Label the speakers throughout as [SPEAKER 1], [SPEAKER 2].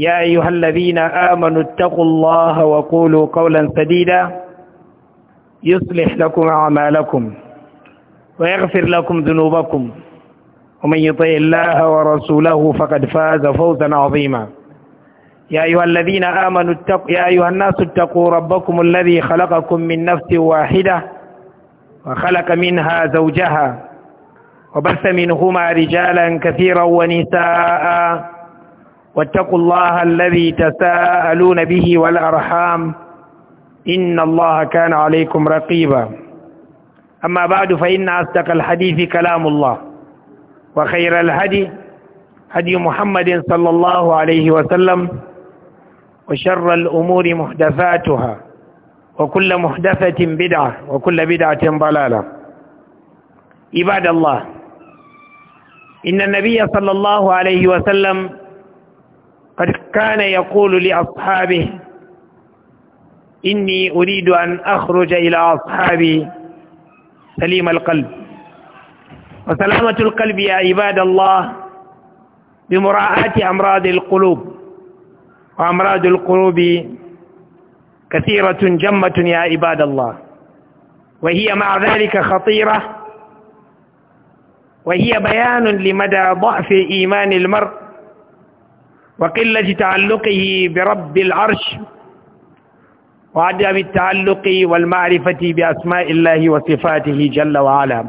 [SPEAKER 1] يا أيها الذين آمنوا اتقوا الله وقولوا قولا سديدا يصلح لكم أعمالكم ويغفر لكم ذنوبكم ومن يطع الله ورسوله فقد فاز فوزا عظيما يا أيها الذين آمنوا اتقوا يا أيها الناس اتقوا ربكم الذي خلقكم من نفس واحدة وخلق منها زوجها وبث منهما رجالا كثيرا ونساء واتقوا الله الذي تساءلون به والأرحام إن الله كان عليكم رقيبا أما بعد فإن أصدق الحديث كلام الله وخير الهدي هدي محمد صلى الله عليه وسلم وشر الأمور محدثاتها وكل محدثة بدعة وكل بدعة ضلالة عباد الله إن النبي صلى الله عليه وسلم قد كان يقول لأصحابه إني أريد أن أخرج إلى أصحابي سليم القلب وسلامة القلب يا عباد الله بمراعاة أمراض القلوب وأمراض القلوب كثيرة جمة يا عباد الله وهي مع ذلك خطيرة وهي بيان لمدى ضعف إيمان المرء وقلة تعلقه برب العرش وعدم التعلق والمعرفة بأسماء الله وصفاته جل وعلا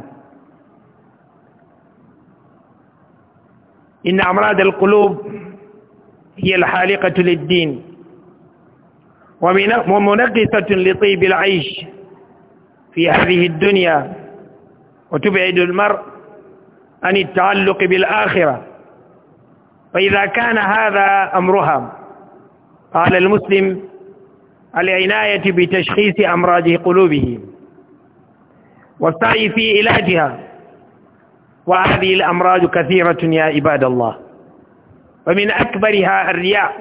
[SPEAKER 1] إن أمراض القلوب هي الحالقة للدين ومنقصة لطيب العيش في هذه الدنيا وتبعد المرء عن التعلق بالآخرة فإذا كان هذا أمرها قال المسلم العناية بتشخيص أمراض قلوبه والسعي في علاجها وهذه الأمراض كثيرة يا عباد الله ومن أكبرها الرياء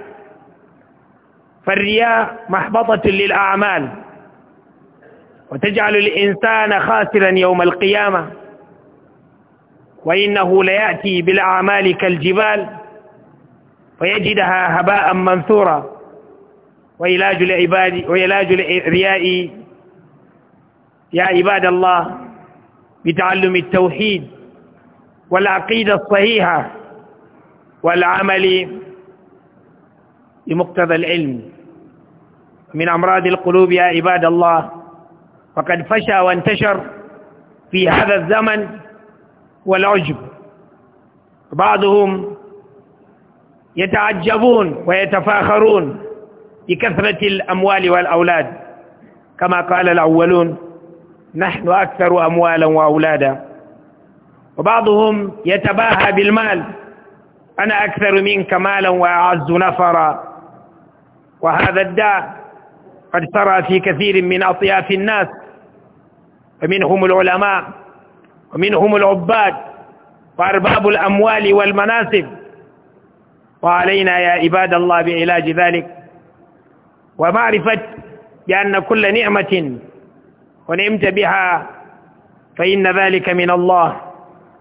[SPEAKER 1] فالرياء محبطة للأعمال وتجعل الإنسان خاسرا يوم القيامة وإنه ليأتي بالأعمال كالجبال ويجدها هباء منثورا وعلاج لعباد وعلاج الرياء يا عباد الله بتعلم التوحيد والعقيدة الصحيحة والعمل بمقتضى العلم من أمراض القلوب يا عباد الله فقد فشى وانتشر في هذا الزمن والعجب بعضهم يتعجبون ويتفاخرون بكثرة الأموال والأولاد كما قال الأولون نحن أكثر أموالا وأولادا وبعضهم يتباهى بالمال أنا أكثر منك مالا وأعز نفرا وهذا الداء قد سرى في كثير من أطياف الناس فمنهم العلماء ومنهم العباد وأرباب الأموال والمناسب وعلينا يا عباد الله بعلاج ذلك ومعرفة بأن كل نعمة ونعمت بها فإن ذلك من الله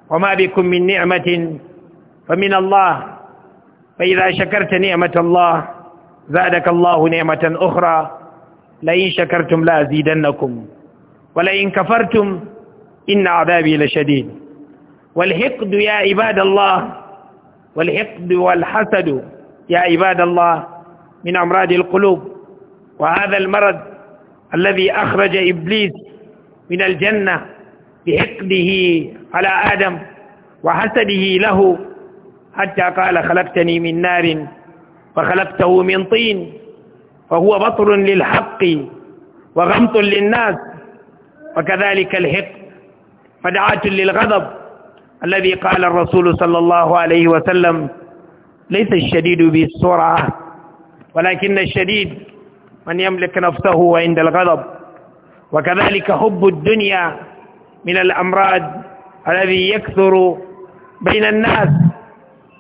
[SPEAKER 1] وما بكم من نعمة فمن الله فإذا شكرت نعمة الله زادك الله نعمة أخرى لئن شكرتم لأزيدنكم ولئن كفرتم إن عذابي لشديد والحقد يا عباد الله والحقد والحسد يا عباد الله من أمراض القلوب وهذا المرض الذي أخرج إبليس من الجنة بحقده على آدم وحسده له حتى قال خلقتني من نار وخلقته من طين فهو بطر للحق وغمط للناس وكذلك الحقد فدعاة للغضب الذي قال الرسول صلى الله عليه وسلم ليس الشديد بالسرعة ولكن الشديد من يملك نفسه عند الغضب وكذلك حب الدنيا من الأمراض الذي يكثر بين الناس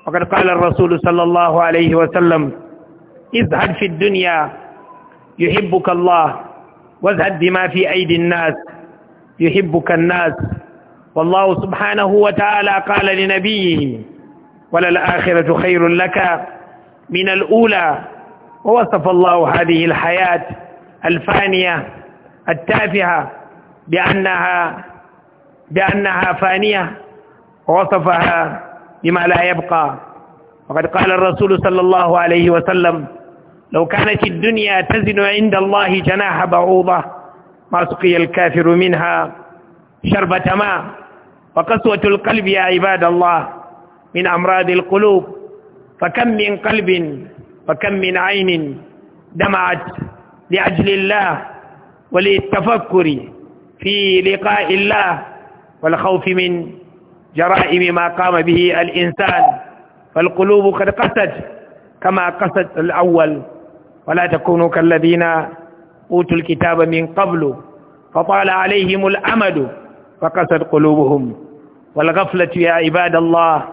[SPEAKER 1] وقد قال الرسول صلى الله عليه وسلم اذهب في الدنيا يحبك الله وازهد بما في أيدي الناس يحبك الناس والله سبحانه وتعالى قال لنبيه وللآخرة خير لك من الأولى ووصف الله هذه الحياة الفانية التافهة بأنها بأنها فانية ووصفها بما لا يبقى وقد قال الرسول صلى الله عليه وسلم لو كانت الدنيا تزن عند الله جناح بعوضة ما سقي الكافر منها شربة ماء فقسوة القلب يا عباد الله من أمراض القلوب فكم من قلب فكم من عين دمعت لأجل الله وللتفكر في لقاء الله والخوف من جرائم ما قام به الإنسان فالقلوب قد قست كما قست الأول ولا تكونوا كالذين أوتوا الكتاب من قبل فطال عليهم الأمد فقست قلوبهم والغفلة يا عباد الله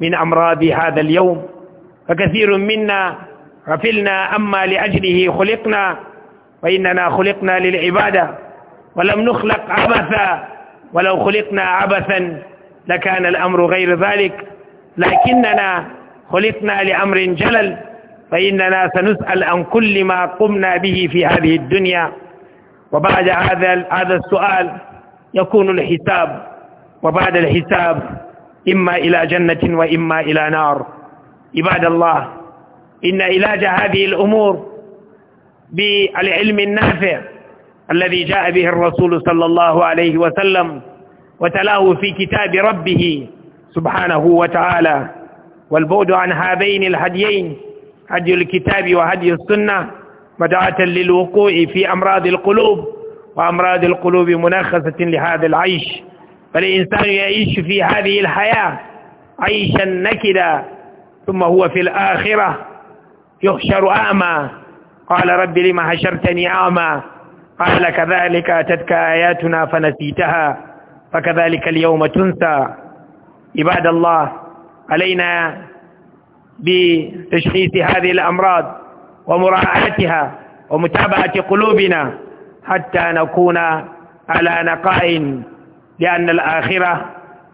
[SPEAKER 1] من أمراض هذا اليوم فكثير منا غفلنا أما لأجله خلقنا فإننا خلقنا للعبادة ولم نخلق عبثا ولو خلقنا عبثا لكان الأمر غير ذلك لكننا خلقنا لأمر جلل فإننا سنسأل عن كل ما قمنا به في هذه الدنيا وبعد هذا هذا السؤال يكون الحساب وبعد الحساب إما إلى جنة وإما إلى نار عباد الله إن علاج هذه الأمور بالعلم النافع الذي جاء به الرسول صلى الله عليه وسلم وتلاه في كتاب ربه سبحانه وتعالى والبعد عن هذين الهديين هدي الكتاب وهدي السنة مدعاة للوقوع في أمراض القلوب وأمراض القلوب منخصة لهذا العيش فالإنسان يعيش في هذه الحياة عيشا نكدا ثم هو في الآخرة يحشر أعمى قال رب لما حشرتني أعمى قال كذلك أتتك آياتنا فنسيتها فكذلك اليوم تنسى عباد الله علينا بتشخيص هذه الأمراض ومراعاتها ومتابعة قلوبنا حتى نكون على نقاء لأن الآخرة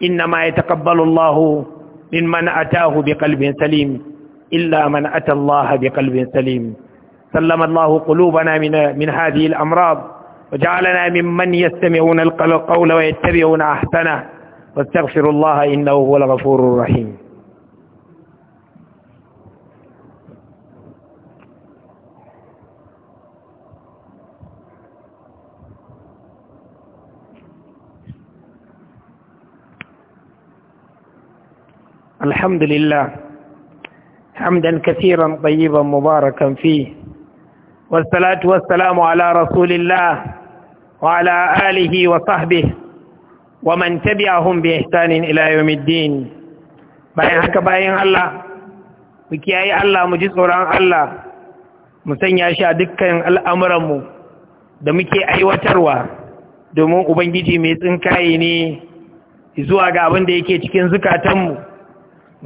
[SPEAKER 1] إنما يتقبل الله ممن أتاه بقلب سليم إلا من أتى الله بقلب سليم سلم الله قلوبنا من, من هذه الأمراض وجعلنا ممن يستمعون القول ويتبعون أحسنه واستغفر الله إنه هو الغفور الرحيم الحمد لله حمدا كثيرا طيبا مباركا فيه والصلاة والسلام على رسول الله وعلى آله وصحبه ومن تبعهم بإحسان إلى يوم الدين
[SPEAKER 2] bayan haka bayan Allah
[SPEAKER 1] mu kiyaye Allah mu tsoron Allah mu sanya sha a dukkan al'amuranmu da muke aiwatarwa domin Ubangiji mai tsinkaye ne zuwa ga abin da yake cikin zukatanmu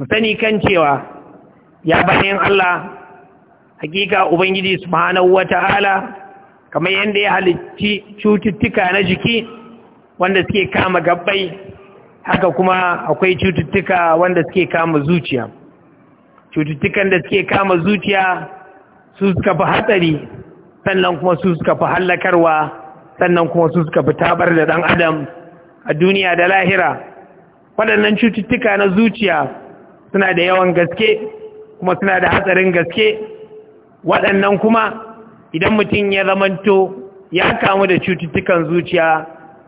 [SPEAKER 1] ku sani kan cewa
[SPEAKER 2] ya bayan Allah
[SPEAKER 1] hakika ubangiji subhanahu ta'ala kamar yadda ya halicci cututtuka na jiki wanda suke kama gabbai haka kuma akwai cututtuka wanda suke kama zuciya cututtukan da suke kama zuciya su suka fi hatsari sannan kuma su suka fi hallakarwa sannan kuma su suka fi tabar da ɗan adam a duniya da lahira waɗannan cututtuka na zuciya suna da yawan gaske kuma suna da hatsarin gaske waɗannan kuma idan mutum ya zamanto ya kamu da cututtukan zuciya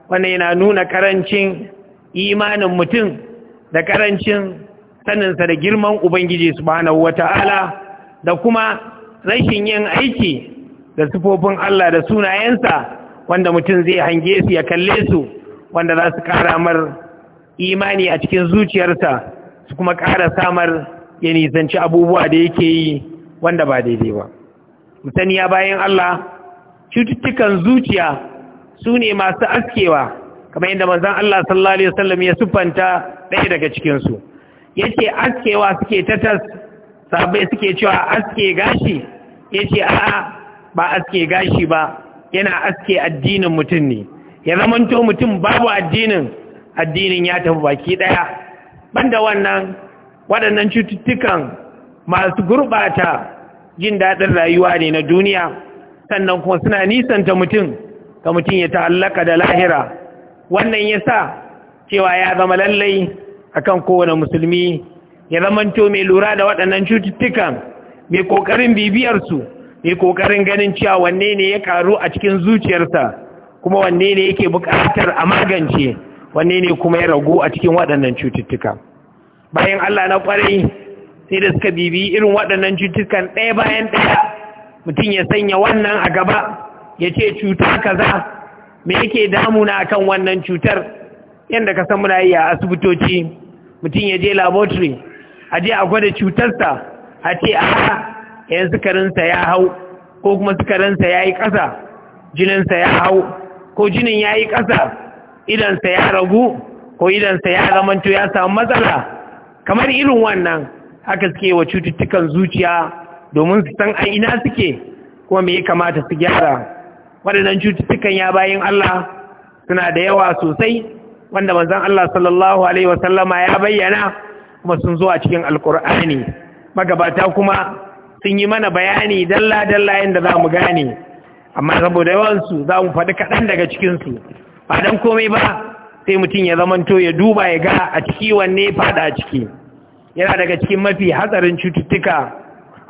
[SPEAKER 1] wannan yana nuna karancin imanin mutum da karancin saninsa da girman ubangiji subhanahu wata'ala da kuma rashin yin aiki da sifofin Allah da sunayensa wanda mutum zai hange su ya kalle su wanda za su kara mar imani a cikin zuciyarsa su kuma ƙara samar ya nisanci abubuwa da yake yi wanda ba daidai ba mutaniya bayan Allah cututtukan zuciya su ne masu askewa kamar yadda manzan Allah sallallahu alaihi ya siffanta ɗaya daga cikinsu. su yace askewa suke tatas sabai suke cewa aske gashi yace a'a ba aske gashi ba yana aske addinin mutum ne ya zamanto mutum babu addinin addinin ya tafi baki ɗaya banda wannan waɗannan cututtukan masu gurɓata jin daɗin rayuwa ne na duniya sannan kuma suna nisanta mutum ka mutum ya ta'allaka da lahira wannan ya sa cewa ya zama lallai a kan kowane musulmi ya zamanto mai lura da waɗannan cututtukan mai ƙoƙarin bibiyarsu mai ƙoƙarin ganin cewa wanne ne ya ƙaru a cikin zuciyarsa kuma wanne ne yake buƙatar a magance wanne ne kuma ya ragu a cikin waɗannan cututtuka bayan Allah na ƙwarai sai da suka bibi irin waɗannan cututtukan ɗaya bayan ɗaya mutum ya sanya wannan a gaba ya ce cuta kaza me yake damuna kan wannan cutar yadda ka san muna yi a asibitoci mutum ya je laboratory a je a gwada cutarsa a ce a yan sukarinsa ya hau ko kuma sukarinsa ya yi ƙasa jininsa ya hau ko jinin ya yi ƙasa idansa ya ragu ko idansa ya zamanto ya samu matsala kamar irin wannan haka suke wa cututtukan zuciya domin su san a ina suke kuma me ya kamata su gyara waɗannan cututtukan ya bayan Allah suna da yawa sosai wanda manzon Allah sallallahu alaihi wasallama ya bayyana kuma sun zo a cikin alkur'ani magabata kuma sun yi mana bayani dalla dalla yadda za mu gane amma saboda yawansu za mu faɗi kaɗan daga cikinsu ba dan komai ba sai mutum ya zamanto ya duba ya ga a ciki wanne fada a ciki yana daga cikin mafi hatsarin cututtuka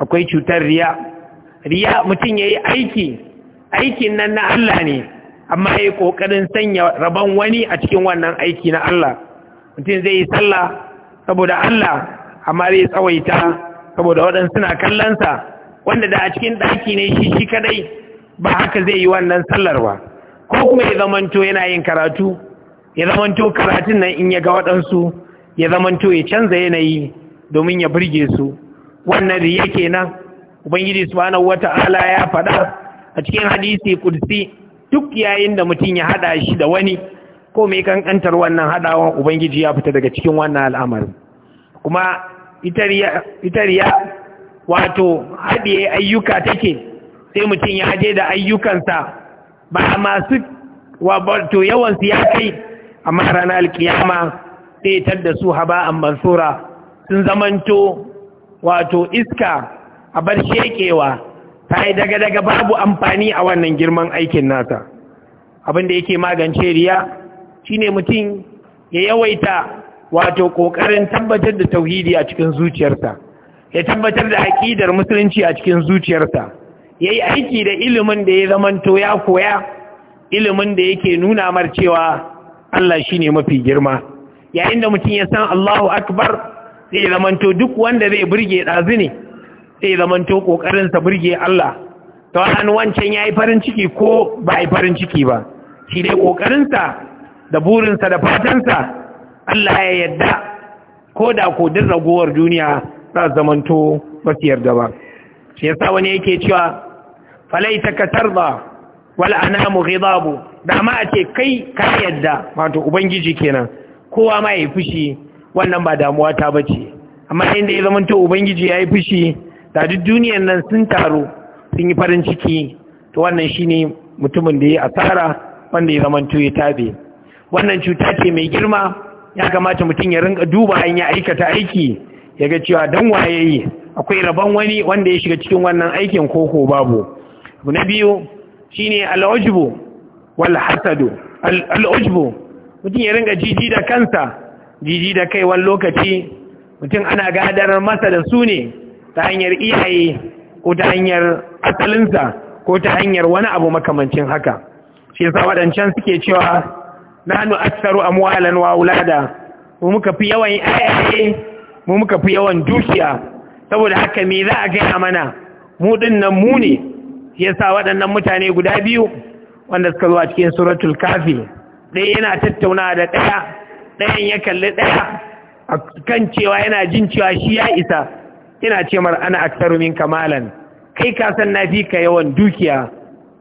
[SPEAKER 1] akwai cutar riya riya mutum ya yi aiki aikin nan na Allah ne amma ya yi ƙoƙarin sanya rabon wani a cikin wannan aiki na Allah mutum zai yi sallah saboda Allah amma zai tsawaita saboda waɗansu suna kallonsa wanda da a cikin ɗaki ne shi shi kadai ba haka zai yi wannan sallar ba ko kuma ya zamanto yana yin karatu ya zamanto karatun nan in ya ga waɗansu ya zamanto ya canza yanayi domin ya birge su wannan riya kenan ubangiji subhanahu wata'ala ya faɗa a cikin hadisi kudsi duk yayin da mutum ya haɗa shi da wani ko mai kankantar wannan haɗawan ubangiji ya fita daga cikin wannan al'amarin kuma ita riya wato haɗe ayyuka take sai mutum ya haɗe da ayyukansa ba a masu wato yawan su ya kai amma ranar alkiyama sai da su haba an mansura sun zamanto wato iska a bar shekewa ta yi daga-daga babu amfani a wannan girman aikin nata abinda yake magance riya shi ne mutum ya yawaita wato kokarin tabbatar da tauhidi a cikin zuciyarsa ya tabbatar da aƙidar musulunci a cikin zuciyarsa ya yi aiki da ilimin da ya zamanto ya koya ilimin da yake nuna mar cewa Allah shi ne mafi girma yayin da mutum ya san Allahu akbar sai zamanto duk wanda zai burge ɗazu ne sai zamanto ƙoƙarinsa burge Allah ta wani wancan ya yi farin ciki ko ba yi farin ciki ba shi dai ƙoƙarinsa da burinsa da fatansa Allah ya yadda ko da ko duk ragowar duniya za zamanto ba su yarda ba shi yasa wani yake cewa falaita ka tarba wal anamu ghidabu da ma a ce kai ka yadda wato ubangiji kenan kowa ma yayi fushi wannan ba damuwa ta bace amma inda ya zama to ubangiji yayi fushi da duk duniyar nan sun taru sun yi farin ciki to wannan shine mutumin da ya asara wanda ya zama to ya tabe wannan cuta ce mai girma ya kamata mutum ya rinka duba an ya aikata aiki ya ga cewa dan waye yi akwai rabon wani wanda ya shiga cikin wannan aikin koko babu abu na biyu shine ujbu wal hasadu al'ujbu mutum ya ringa jiji da kansa jiji da kai wani lokaci mutum ana gadar masa da su ne ta hanyar iyaye ko ta hanyar asalinsa ko ta hanyar wani abu makamancin haka shi yasa waɗancan suke cewa nanu aksaru amwalan wa ulada mu muka fi yawan ayaye mu muka fi yawan dukiya saboda haka me za a gaya mana mu nan mu ne yasa waɗannan mutane guda biyu wanda suka zo a cikin suratul kafi ɗaya yana tattauna da ɗaya ɗayan ya kalli ɗaya a kan cewa yana jin cewa shi ya isa yana ce mar ana aktaru min kamalan kai ka san na fi ka yawan dukiya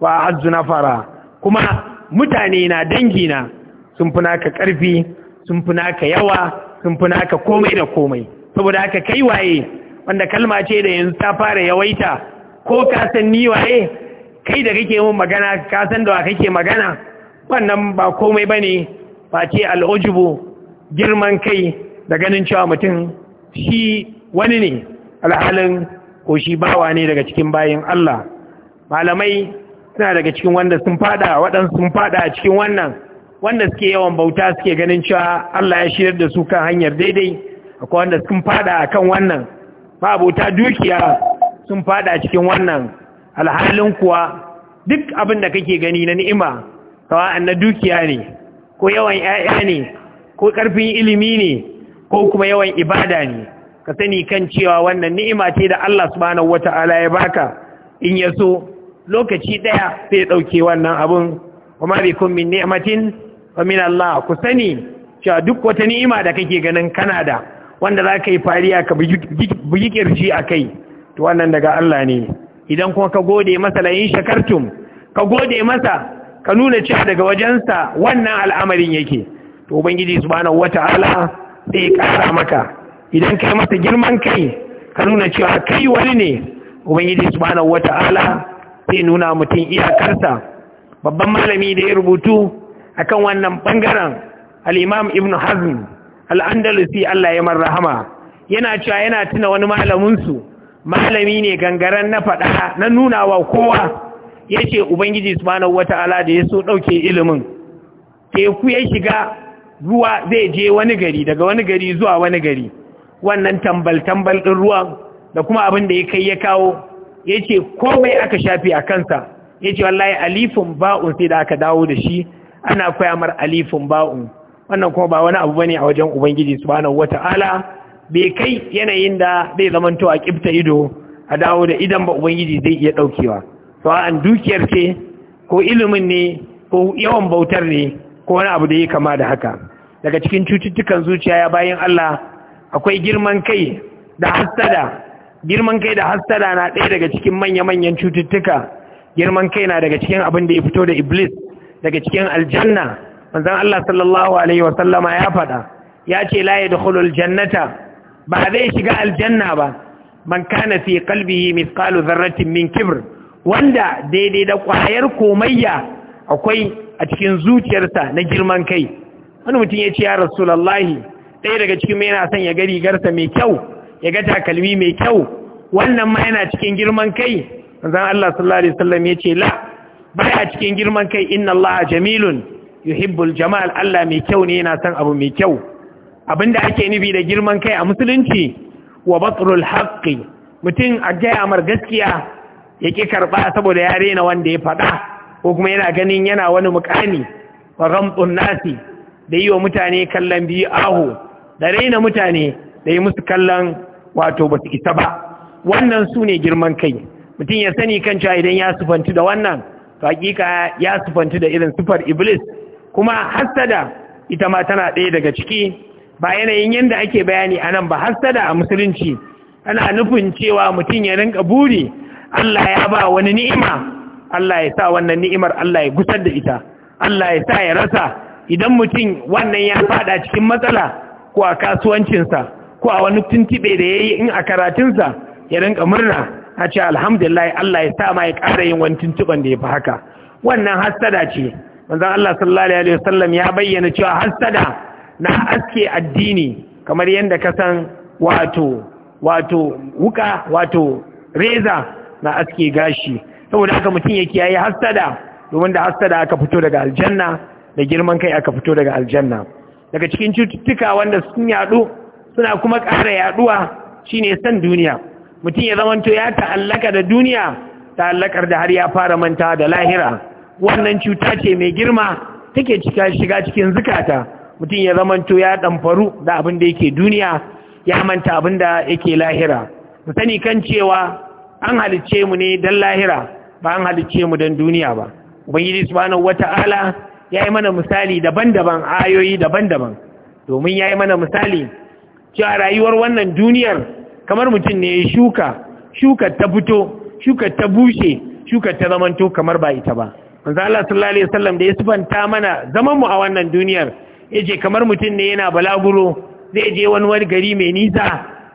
[SPEAKER 1] wa azu na fara kuma mutane na dangi na sun fi naka ƙarfi sun fi naka yawa sun fi naka komai da komai saboda haka kai waye wanda kalma ce da yanzu ta fara yawaita ko ka san ni waye kai da kake mun magana ka san da wa kake magana wannan ba komai bane ce al'ujubu girman kai da ganin cewa mutum shi wani ne alhalin ko shi bawa ne daga cikin bayin Allah malamai suna daga cikin wanda sun fada waɗansu sun fada a cikin wannan wanda suke yawan bauta suke ganin cewa Allah ya shirar da su kan hanyar daidai akwai wanda sun fada akan wannan ma'abota dukiya sun fada cikin wannan alhalin kuwa duk abin da kake gani na ni'ima an na dukiya ne ko yawan 'ya'ya ne ko ƙarfin ilimi ne ko kuma yawan ibada ne ka sani kan cewa wannan ni'ima ce da Allah subhanahu ta'ala ya baka in ya so lokaci ɗaya sai ya ɗauke wannan abun kuma kun min ni'matin wa min Allah ku sani cewa duk wata ni'ima da kake ganin kana da wanda za ka yi fariya ka bugi ƙirji a kai to wannan daga Allah ne idan kuma ka gode masa layin shakartum ka gode masa ka nuna cewa daga wajensa wannan al'amarin yake to ubangiji subhanahu wata'ala sai ya maka idan kai masa girman kai ka nuna cewa kai wani ne ubangiji subhanahu wata'ala sai nuna mutum iyakarsa babban malami da ya rubutu akan wannan bangaren al-imam ibn hazm al'andalusi Allah ya rahama. yana cewa yana tuna wani malaminsu malami ne gangaren na faɗa na nuna wa kowa ya ce ubangiji subhanahu ala da ya so ɗauke ilimin teku ya shiga ruwa zai je wani gari daga wani gari zuwa wani gari wannan tambal-tambal ɗin ruwa da kuma abin da ya kai ya kawo ya ce komai aka shafi a kansa ya ce wallahi alifin ba'un sai da aka dawo da shi ana koya mar alifin ba'un wannan kuma ba wani abu bane a wajen ubangiji subhanahu wata'ala bai kai yanayin da zai zamanto a kibta ido a dawo da idan ba ubangiji zai iya daukewa to an dukiyar ce ko ilimin ne ko yawan bautar ne ko wani abu da ya kama da haka daga cikin cututtukan zuciya ya bayan Allah akwai girman kai da hasada girman kai da hasada na ɗaya daga cikin manya-manyan cututtuka girman kai na daga cikin abin da ya fito da iblis daga cikin aljanna manzan Allah sallallahu alaihi wasallama ya faɗa ya ce la yadkhulul jannata ba zai shiga aljanna ba man kana fi qalbihi mithqalu dharratin min kibr wanda daidai da kwayar komayya akwai a cikin zuciyarsa na girman kai wani mutum ya ce ya rasulullahi ɗaya daga cikin mai yana son ya ga rigarsa mai kyau ya ga takalmi mai kyau wannan ma yana cikin girman kai manzon Allah sallallahu alaihi wasallam ya ce la baya cikin girman kai inna Allah jamilun yuhibbul jamal Allah mai kyau ne yana son abu mai kyau abinda ake nufi da girman kai a musulunci wa batrul haqqi mutum a gaya mar gaskiya ki karba saboda ya rena wanda ya faɗa ko kuma yana ganin yana wani mukami wa ghamtun nasi da yi wa mutane kallon biyu aho da raina mutane da yi musu kallon wato ba su isa ba wannan su ne girman kai mutum ya sani kan cewa idan ya sufanci da wannan to hakika ya sufanci da irin sufar iblis kuma hassada ita ma tana ɗaya daga ciki ba yanayin yadda ake bayani a nan ba hasada a musulunci ana nufin cewa mutum ya rinka buri Allah ya ba wani ni'ima Allah ya sa wannan ni'imar Allah ya gusar da ita Allah ya sa ya rasa idan mutum wannan ya fada cikin matsala ko a kasuwancinsa ko a wani tuntuɓe da ya yi in a karatunsa ya rinka murna a ce alhamdulillah Allah ya sa ma ya ƙara yin wani tuntuɓen da ya fi haka wannan hassada ce manzon Allah sallallahu alaihi wasallam ya bayyana cewa hasada na aske addini kamar yadda ka san wato wato wuka wato reza na aske gashi saboda haka mutum ya yayi hasada domin da hasada aka fito daga aljanna da girman kai aka fito daga aljanna daga cikin cututtuka wanda sun yadu suna kuma ƙara yaduwa shine san duniya mutum ya zamanto ya ta'allaka da duniya ta'allakar da har ya fara manta da lahira wannan cuta ce mai girma take cika shiga cikin zukata mutum ya zamanto ya damfaru da abin da yake duniya ya manta abin da yake lahira mu sani kan cewa an halicce mu ne dan lahira ba an halicce mu dan duniya ba ubangiji subhanahu wata'ala ya yi mana misali daban-daban ayoyi daban-daban domin yayi mana misali cewa rayuwar wannan duniyar kamar mutum ne ya shuka shukar ta fito shukar ta bushe shukar ta zamanto kamar ba ita ba manzo Allah sallallahu alaihi wasallam da ya sifanta mana zaman mu a wannan duniyar yace kamar mutum ne yana balaguro zai je wani wani gari mai nisa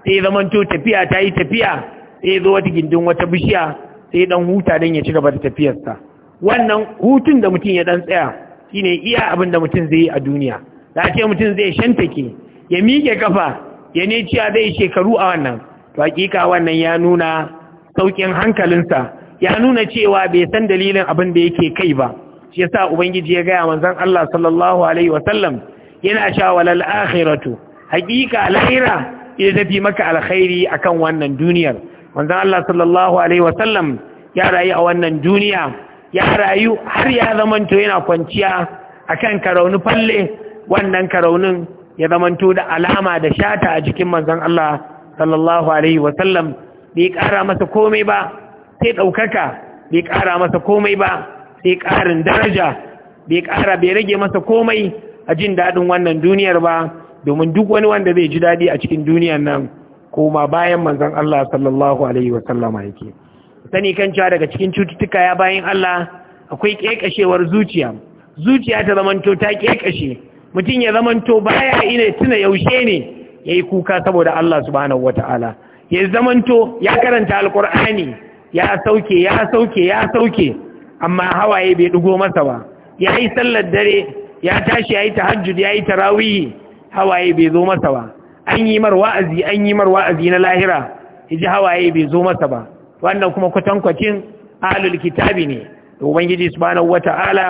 [SPEAKER 1] sai ya zaman to tafiya ta yi tafiya sai ya zo wata gindin wata bishiya sai dan huta dan ya ci gaba da tafiyarsa wannan hutun da mutum ya dan tsaya shine iya abin da mutum zai yi a duniya da ce mutum zai shantake ya miƙe kafa ya ne ciya zai shekaru a wannan to hakika wannan ya nuna saukin hankalinsa ya nuna cewa bai san dalilin abin da yake kai ba shi yasa ubangiji ya gaya manzon Allah sallallahu alaihi wasallam yana cewa lal akhiratu haqiqa lahira ita tafi maka alkhairi akan wannan duniyar manzon Allah sallallahu alaihi wasallam ya rayu a wannan duniya ya rayu har ya zamanto yana kwanciya akan karauni falle wannan karaunin ya zamanto da alama da shata a jikin manzon Allah sallallahu alaihi wasallam bai kara masa komai ba sai ɗaukaka bai ƙara masa komai ba sai ƙarin daraja bai ƙara bai rage masa komai a jin daɗin wannan duniyar ba domin duk wani wanda zai ji daɗi a cikin duniyar nan ko koma bayan manzan Allah sallallahu alaihi wa sallama yake sani kan cewa daga cikin cututtuka ya bayan Allah akwai ƙeƙashewar zuciya zuciya ta zamanto ta ƙeƙashe mutum ya zamanto baya ina tuna yaushe ne ya yi kuka saboda Allah subhanahu wataala ya zamanto ya karanta alqur'ani ya sauke ya sauke ya sauke amma hawaye bai dugo masa ba ya yi sallar dare ya tashi ya yi tahajjud ya yi tarawihi hawaye bai zo masa ba an yi mar wa'azi an yi mar wa'azi na lahira yaji hawaye bai zo masa ba wannan kuma kwakin ahlul kitabi ne da ubangiji subhanahu wata'ala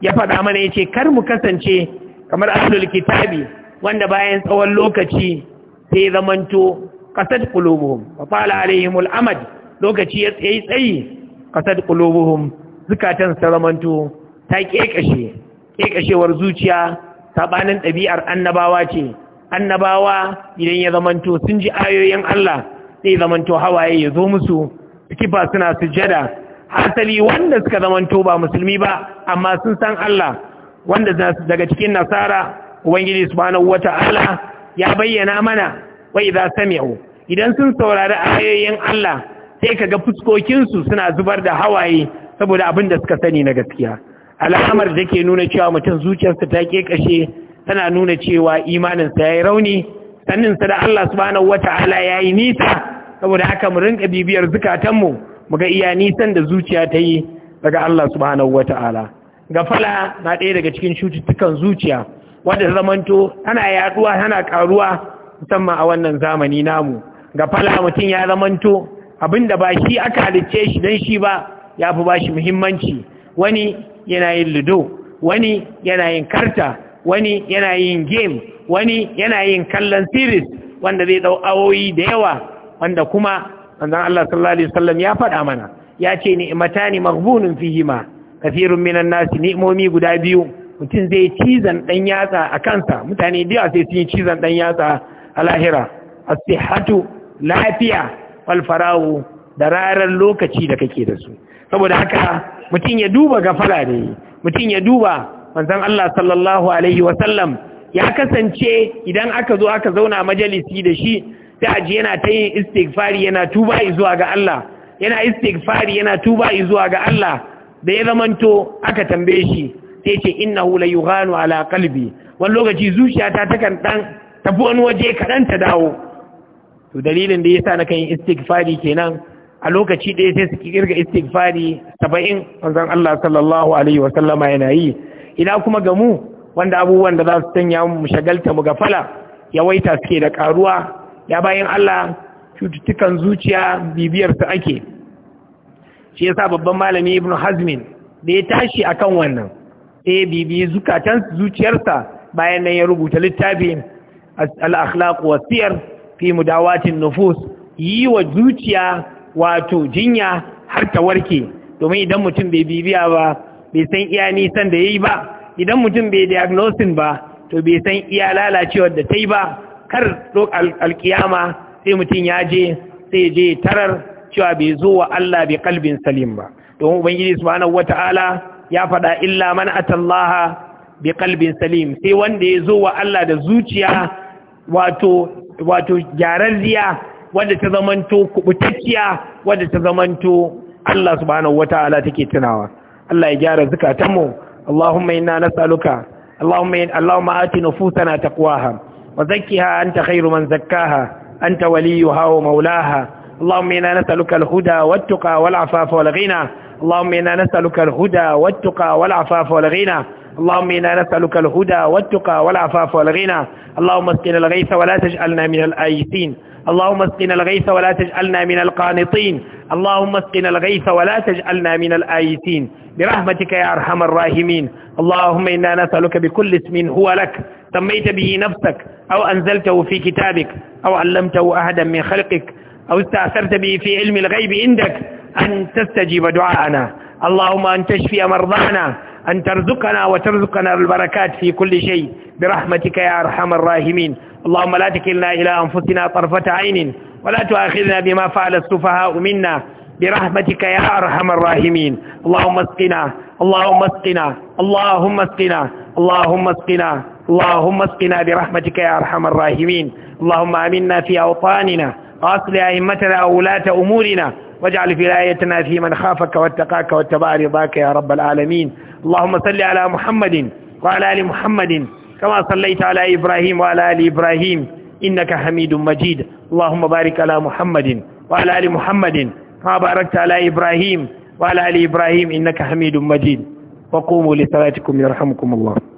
[SPEAKER 1] ya faɗa mana ya ce kar mu kasance kamar ahlul kitabi wanda bayan tsawon lokaci sai zamanto ƙasar qulubuhum wa qala alaihimul amad lokaci ya tsayi tsayi ƙasar qulubuhum zukatan saramantu ta kekashe ƙeƙashewar zuciya Saɓanin ɗabi'ar annabawa ce annabawa idan ya zamanto sun ji ayoyin Allah sai zamanto hawaye ya zo musu kifa suna sujada hasali wanda suka zamanto ba musulmi ba amma sun san Allah wanda daga cikin nasara ubangiji subhanahu wata'ala ya bayyana mana wa idza sami'u idan sun saurari ayoyin Allah sai ka ga fuskokinsu suna zubar da hawaye saboda abin da suka sani na gaskiya al'amar da ke nuna cewa mutum zuciyarsa ta ke kashe tana nuna cewa imaninsa ya yi rauni sanninsa da Allah subhanahu wata'ala ya yi nisa saboda haka mu rinka bibiyar zukatanmu mu ga iya nisan da zuciya ta yi daga Allah subhanahu wata'ala gafala na ɗaya daga cikin cututtukan zuciya wanda zamanto tana yaduwa tana ƙaruwa. musamman a wannan zamani namu gafala mutum ya zamanto abinda ba shi aka halicce shi don shi ba ya fi ba shi muhimmanci wani yana yin ludo wani yana yin karta wani yana yin game wani yana yin kallon series wanda zai dau awoyi da yawa wanda kuma manzon Allah sallallahu alaihi wasallam ya faɗa mana ya ce ni'matani maghbunun fihima kathirun minan nas ni'momi guda biyu mutum zai cizan dan yatsa a kansa mutane da sai sun yi cizan dan yatsa a lahira as-sihhatu lafiya falfarawo da rarar lokaci da kake da su saboda haka mutum ya duba gafara ne mutum ya duba manzon Allah sallallahu alaihi wa sallam ya kasance idan aka zo aka zauna majalisi da shi sai aji yana ta yin istighfari yana tuba zuwa ga Allah yana istighfari yana tuba zuwa ga Allah da ya zamanto aka tambaye shi sai ce innahu la yughanu ala qalbi wani lokaci zuciya ta takan ɗan, tafi wani waje kaɗan ta dawo to dalilin da yasa kan yi istighfari kenan a lokaci ɗaya sai su kirga istighfari saba'in wanzan Allah sallallahu alaihi wa sallama yana yi ina kuma ga mu wanda abubuwan da za su sanya mu shagalta mu gafala yawaita suke da karuwa ya bayan Allah cututtukan zuciya bibiyar su ake shi yasa babban malami ibnu Hazmin da ya tashi akan wannan sai bibiyi zukatan zuciyarsa bayan nan ya rubuta littafin al-akhlaq wa siyar fi mudawatin nufus yi wa zuciya wato jinya har ta warke domin idan mutum bai bibiya ba bai san iya nisan da ya yi ba idan mutum bai diagnosin ba to bai san iya lalacewar da ta yi ba kar alkiyama sai mutum ya je sai je tarar cewa bai zo wa Allah bai kalbin salim ba domin ubangiji subhanahu wata'ala ya faɗa illa man atallaha bi kalbin salim sai wanda ya zo wa Allah da zuciya wato wato gyararriya wanda ta zamanto kubutacciya wanda ta zamanto Allah subhanahu wataala take tunawa Allah ya gyara zukatanmu Allahumma inna nas'aluka Allahumma in Allahumma ati nufusana taqwaha wa zakkiha anta khairu man zakkaha anta waliyuha wa maulaha afafa إنا نسألك الهدى والتقى والعفاف والغنى اللهم إنا نسألك الهدى afafa والعفاف والغنى اللهم إنا نسألك الهدى والتقى والعفاف والغنى اللهم اسقنا الغيث ولا تجعلنا من الآيسين اللهم اسقنا الغيث ولا تجعلنا من القانطين اللهم اسقنا الغيث ولا تجعلنا من الآيسين برحمتك يا أرحم الراحمين اللهم إنا نسألك بكل اسم هو لك سميت به نفسك أو أنزلته في كتابك أو علمته أحدا من خلقك أو استأثرت به في علم الغيب عندك أن تستجيب دعاءنا اللهم أن تشفي مرضانا أن ترزقنا وترزقنا البركات في كل شيء برحمتك يا أرحم الراحمين اللهم لا تكلنا إلى أنفسنا طرفة عين ولا تؤاخذنا بما فعل السفهاء منا برحمتك يا أرحم الراحمين اللهم اسقنا اللهم اسقنا اللهم اسقنا اللهم اسقنا اللهم اسقنا برحمتك يا أرحم الراحمين اللهم آمنا في أوطاننا وأصل أئمتنا وولاة أمورنا واجعل رايتنا في من خافك واتقاك واتبع رضاك يا رب العالمين اللهم صل على محمد وعلى آل محمد كما صليت على إبراهيم وعلى آل إبراهيم إنك حميد مجيد اللهم بارك على محمد وعلى آل محمد كما باركت على إبراهيم وعلى آل إبراهيم إنك حميد مجيد وقوموا لصلاتكم يرحمكم الله